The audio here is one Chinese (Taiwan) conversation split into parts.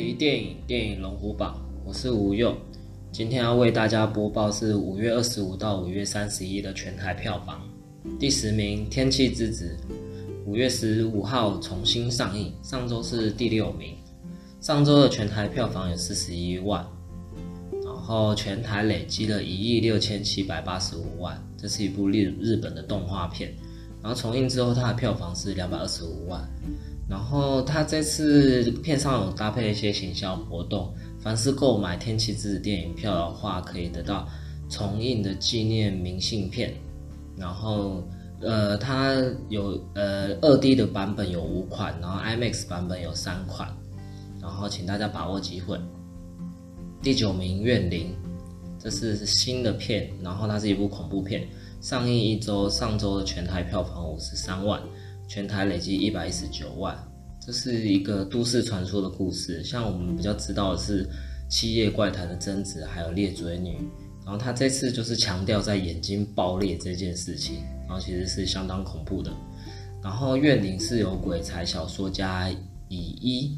於電影《電影龍虎榜》，我是吳佑，今天要為大家播報是五月二十五到五月三十一的全台票房。第十名《天氣之子》，五月十五號重新上映，上周是第六名，上周的全台票房有四十一萬，然後全台累積了一億六千七百八十五萬。這是一部日日本的動畫片，然後重映之後，它的票房是兩百二十五萬。然後它這次片上有搭配一些行銷活動，凡是購買《天氣之子》電影票的話，可以得到重映的紀念明信片。然後，呃，它有呃 2D 的版本有五款，然後 IMAX 版本有三款。然後請大家把握機會。第九名《怨靈》，這是新的片，然後它是一部恐怖片，上映一周，上周的全台票房五十三萬。全台累計一百一十九萬，這是一個都市傳說的故事。像我們比較知道的是《七夜怪談》的貞子，還有裂嘴女。然後他這次就是強調在眼睛爆裂這件事情，然後其實是相當恐怖的。然後怨鈴是由鬼才小說家乙一、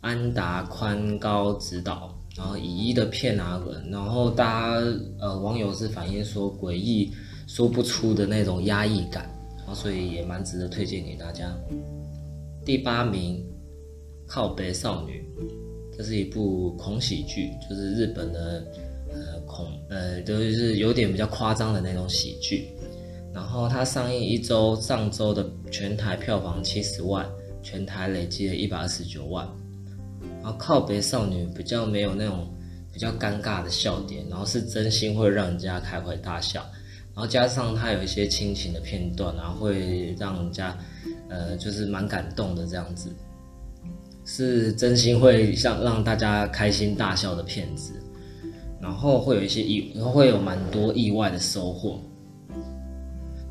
安達寬高執導，然後乙一的片拿、啊、文，然後大家呃網友是反映說詭異說不出的那種壓抑感。所以也蠻值得推薦給大家。第八名，《靠北少女》，這是一部恐喜劇，就是日本的呃恐呃，就是有點比較誇張的那種喜劇。然後它上映一周，上周的全台票房七十萬，全台累計了一百二十九萬。然後《靠北少女》比較沒有那種比較尷尬的笑點，然後是真心會讓人家開懷大笑。然後加上他有一些親情的片段，然後會讓人家，呃，就是蠻感動的這樣子，是真心會像讓大家開心大笑的片子，然後會有一些意，然後會有蠻多意外的收穫。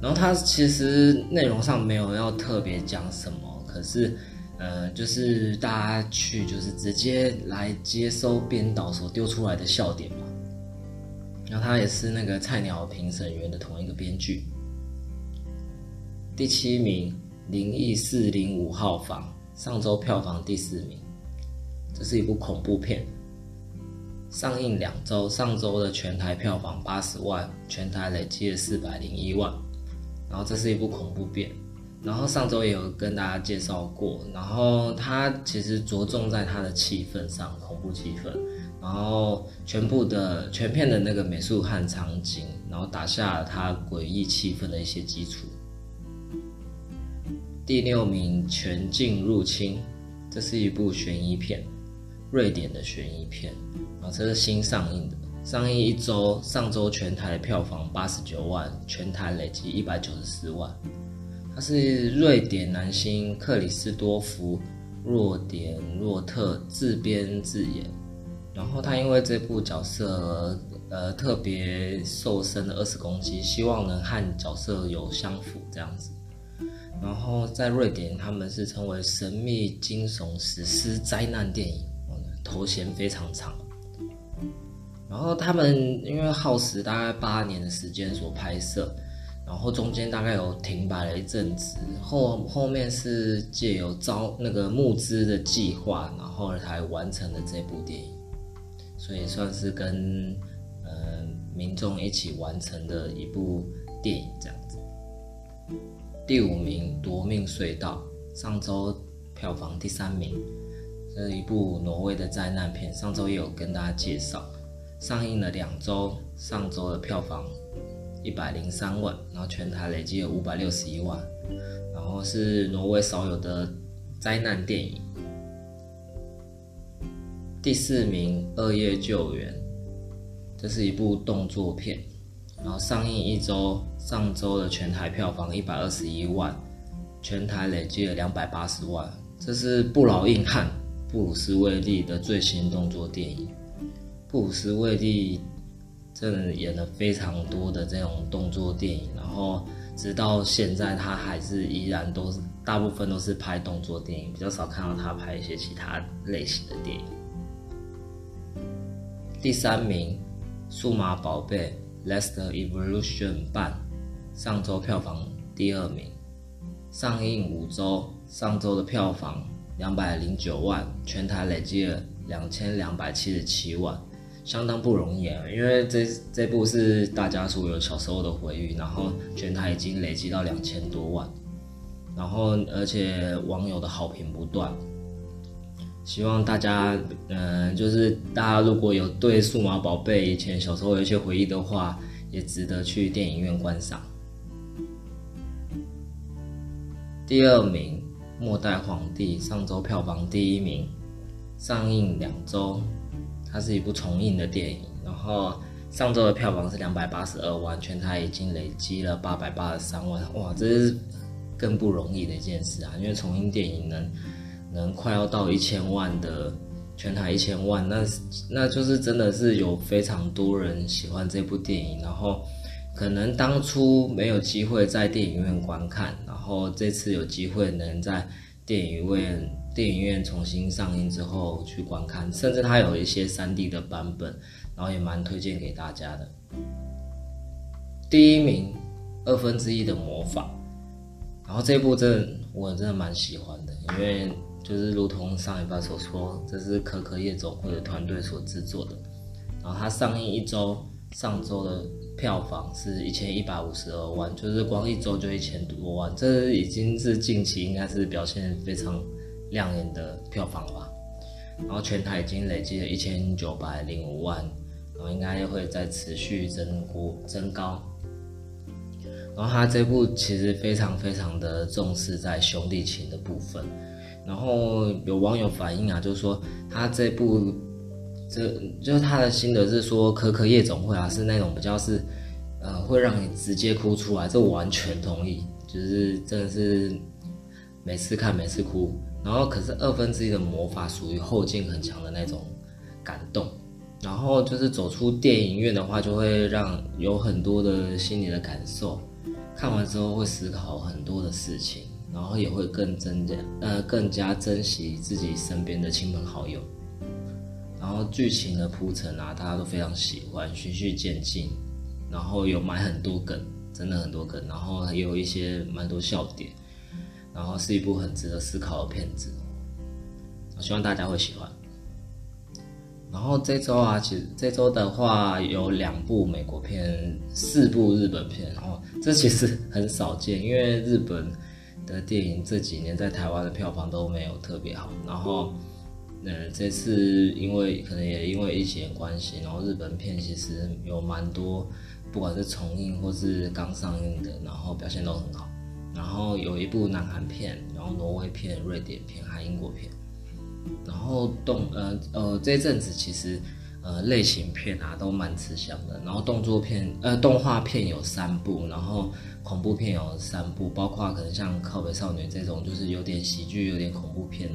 然後它其實內容上沒有要特別講什麼，可是，呃，就是大家去就是直接來接收編導所丟出來的笑點嘛。然後他也是那個菜鳥評審員的同一個編劇。第七名《靈異四零五號房》，上周票房第四名，這是一部恐怖片，上映兩周，上周的全台票房八十萬，全台累計四百零一萬。然後這是一部恐怖片，然後上周也有跟大家介紹過，然後它其實着重在它的氣氛上，恐怖氣氛。然後全部的全片的那個美術和場景，然後打下它詭異氣氛的一些基礎。第六名《全境入侵》，這是一部懸疑片，瑞典的懸疑片，啊，這是新上映的，上映一周，上周全台票房八十九萬，全台累計一百九十四萬。它是瑞典男星克里斯多夫·若典若特自編自演。然後他因為這部角色呃特別瘦身了二十公斤，希望能和角色有相符這樣子。然後在瑞典，他們是稱為神秘驚悚史詩災難電影，頭銜非常長。然後他們因為耗時大概八年的時間所拍攝，然後中間大概有停擺了一陣子，後後面是借由招那個募資的計劃，然後才完成了這部電影。所以算是跟嗯、呃、民眾一起完成的一部電影這樣子。第五名《奪命隧道》，上週票房第三名，這是一部挪威的災難片，上週也有跟大家介紹，上映了兩週，上週的票房一百零三萬，然後全台累計有五百六十一萬，然後是挪威少有的災難電影。第四名，《惡夜救援》，這是一部動作片，然後上映一周，上周的全台票房一百二十一萬，全台累計了兩百八十萬。這是不老硬漢布魯斯·威利的最新動作電影。布魯斯·威利真的演了非常多的這種動作電影，然後直到現在，他還是依然都是大部分都是拍動作電影，比較少看到他拍一些其他類型的電影。第三名，《數碼寶貝：Last Evolution》絆，上周票房第二名，上映五周，上周的票房兩百零九萬，全台累計了兩千兩百七十七萬，相當不容易啊！因為這這部是大家所有小時候的回憶，然後全台已經累積到兩千多萬，然後而且網友的好評不斷。希望大家，嗯、呃，就是大家如果有對數碼寶貝以前小時候有一些回憶的話，也值得去電影院觀賞。第二名，《末代皇帝》上周票房第一名，上映兩周，它是一部重映的電影，然後上周的票房是兩百八十二萬，全台已經累積了八百八十三萬，哇，這是更不容易的一件事啊，因為重映電影呢。能快要到一千萬的全台一千萬，那那就是真的是有非常多人喜歡這部電影，然後可能當初沒有機會在電影院觀看，然後這次有機會能在電影院電影院重新上映之後去觀看，甚至它有一些 3D 的版本，然後也蠻推薦給大家的。第一名二分之一的魔法，然後這部真的我真的蠻喜歡的，因為。就是如同上一版所說，這是可可夜總會的團隊所制作的。然後它上映一周，上周的票房是一千一百五十二萬，就是光一周就一千多萬，這已經是近期應該是表現非常亮眼的票房吧。然後全台已經累計了一千九百零五萬，然後應該又會再持續增估增高。然後它這部其實非常非常的重視在兄弟情的部分。然後有網友反映啊，就是說他這部，這就是他的心得是說《可可夜總會》啊，是那種比較是，呃，會讓你直接哭出來。這我完全同意，就是真的是每次看每次哭。然後可是二分之一的魔法屬於後勁很強的那種感動。然後就是走出電影院的話，就會讓有很多的心理的感受。看完之後會思考很多的事情。然後也會更增加，呃，更加珍惜自己身邊的親朋好友。然後劇情的鋪陳啊，大家都非常喜歡，循序漸進。然後有埋很多梗，真的很多梗。然後也有一些蠻多笑點。然後是一部很值得思考的片子，我希望大家會喜歡。然後這周啊，其實這周的話有兩部美國片，四部日本片。然後這其實很少見，因為日本。的電影這幾年在台灣的票房都沒有特別好，然後，嗯、呃，這次因為可能也因為疫情關係，然後日本片其實有蠻多，不管是重映或是剛上映的，然後表現都很好，然後有一部南韓片，然後挪威片、瑞典片還有英國片，然後動，呃呃，呃，這陣子其實。呃，類型片啊都蠻吃香的，然後動作片，呃，動畫片有三部，然後恐怖片有三部，包括可能像《靠北少女》這種，就是有點喜劇、有點恐怖片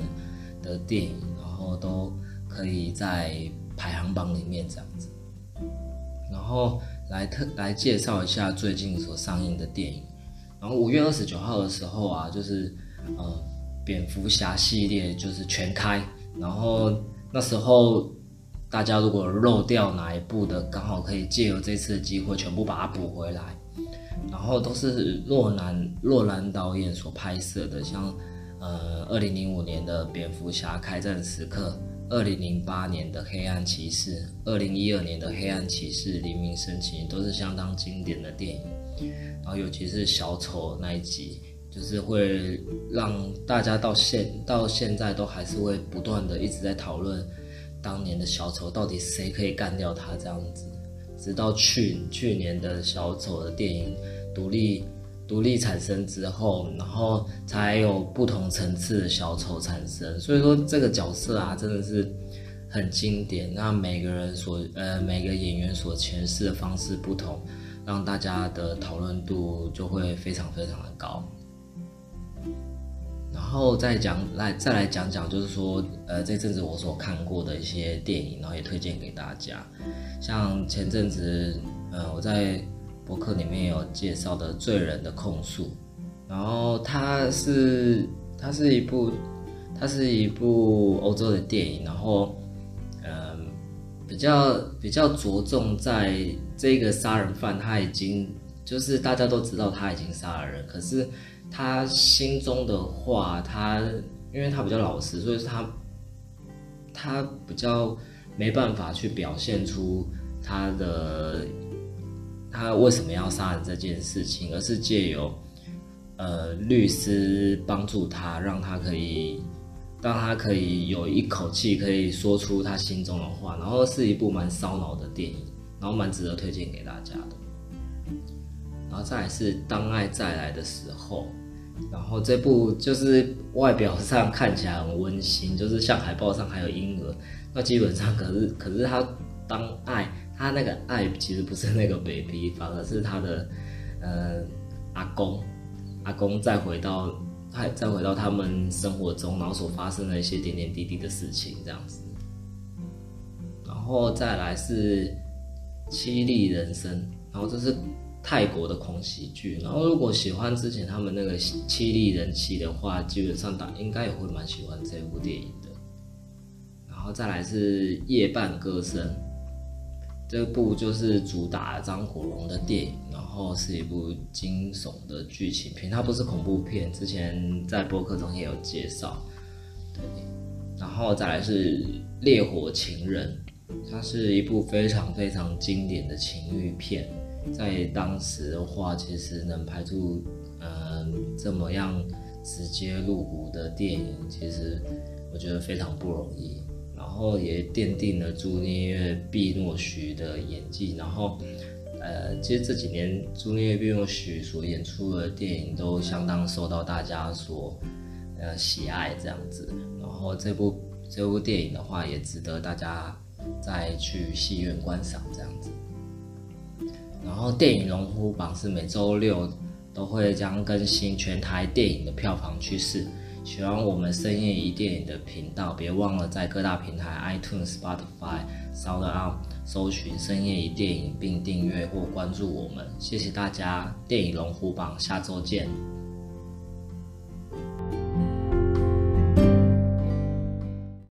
的的電影，然後都可以在排行榜裡面這樣子。然後來特來介紹一下最近所上映的電影。然後五月二十九號的時候啊，就是呃，蝙蝠俠系列就是全開，然後那時候。大家如果漏掉哪一部的，剛好可以借由這次的機會全部把它補回來。然後都是諾蘭諾蘭導演所拍攝的，像呃，二零零五年的《蝙蝠俠：開戰時刻》，二零零八年的《黑暗騎士》，二零一二年的《黑暗騎士：黎明升起》，都是相當經典的電影。然後尤其是小丑那一集，就是會讓大家到現到現在都還是會不斷的一直在討論。當年的小丑到底誰可以干掉他？這樣子，直到去去年的小丑的電影獨立獨立產生之後，然後才有不同層次的小丑產生。所以說這個角色啊，真的是很經典。那每個人所呃每個演員所詮釋的方式不同，讓大家的討論度就會非常非常的高。然後再講來再來講講，就是說，呃，這陣子我所看過的一些電影，然後也推薦給大家。像前陣子，嗯、呃，我在博客裡面有介紹的《罪人的控訴》，然後它是它是一部它是一部歐洲的電影，然後嗯、呃，比較比較着重在這個殺人犯他已經就是大家都知道他已經殺了人，可是，他心中的話，他因為他比較老實，所以他他比較沒辦法去表現出他的他為什麼要殺人這件事情，而是借由呃律師幫助他，讓他可以讓他可以有一口氣可以說出他心中的話。然後是一部蠻燒腦的電影，然後蠻值得推薦給大家的。然後再來是《當愛再來的時候》。然後這部就是外表上看起來很溫馨，就是像海報上還有嬰兒，那基本上，可是可是他當愛他那個愛其實不是那個 baby，反而是他的呃阿公，阿公再回到再回到他們生活中，然後所發生的一些點點滴滴的事情這樣子。然後再來是《淒厲人生》，然後就是。泰國的恐喜劇，然後如果喜歡之前他們那個淒厲人妻的話，基本上打應該也會蠻喜歡這部電影的。然後再來是《夜半歌聲》，這部就是主打張國榮的電影，然後是一部驚悚的劇情片，它不是恐怖片。之前在播客中也有介紹。對，然後再來是《烈火情人》，它是一部非常非常經典的情慾片。在當時的話，其實能拍出嗯、呃、這麼樣直接入骨的電影，其實我覺得非常不容易。然後也奠定了茱麗葉畢諾許的演技。然後呃，其實這幾年茱麗葉畢諾許所演出的電影都相當受到大家所呃喜愛這樣子。然後這部這部電影的話，也值得大家再去戲院觀賞這樣子。然後電影龍虎榜是每周六都會將更新全台電影的票房趨勢。喜歡我們深夜一電影的頻道，別忘了在各大平台 iTunes、Spotify、啊、SoundCloud 搜尋深夜一電影，並訂閱或關注我們。謝謝大家，電影龍虎榜下周見。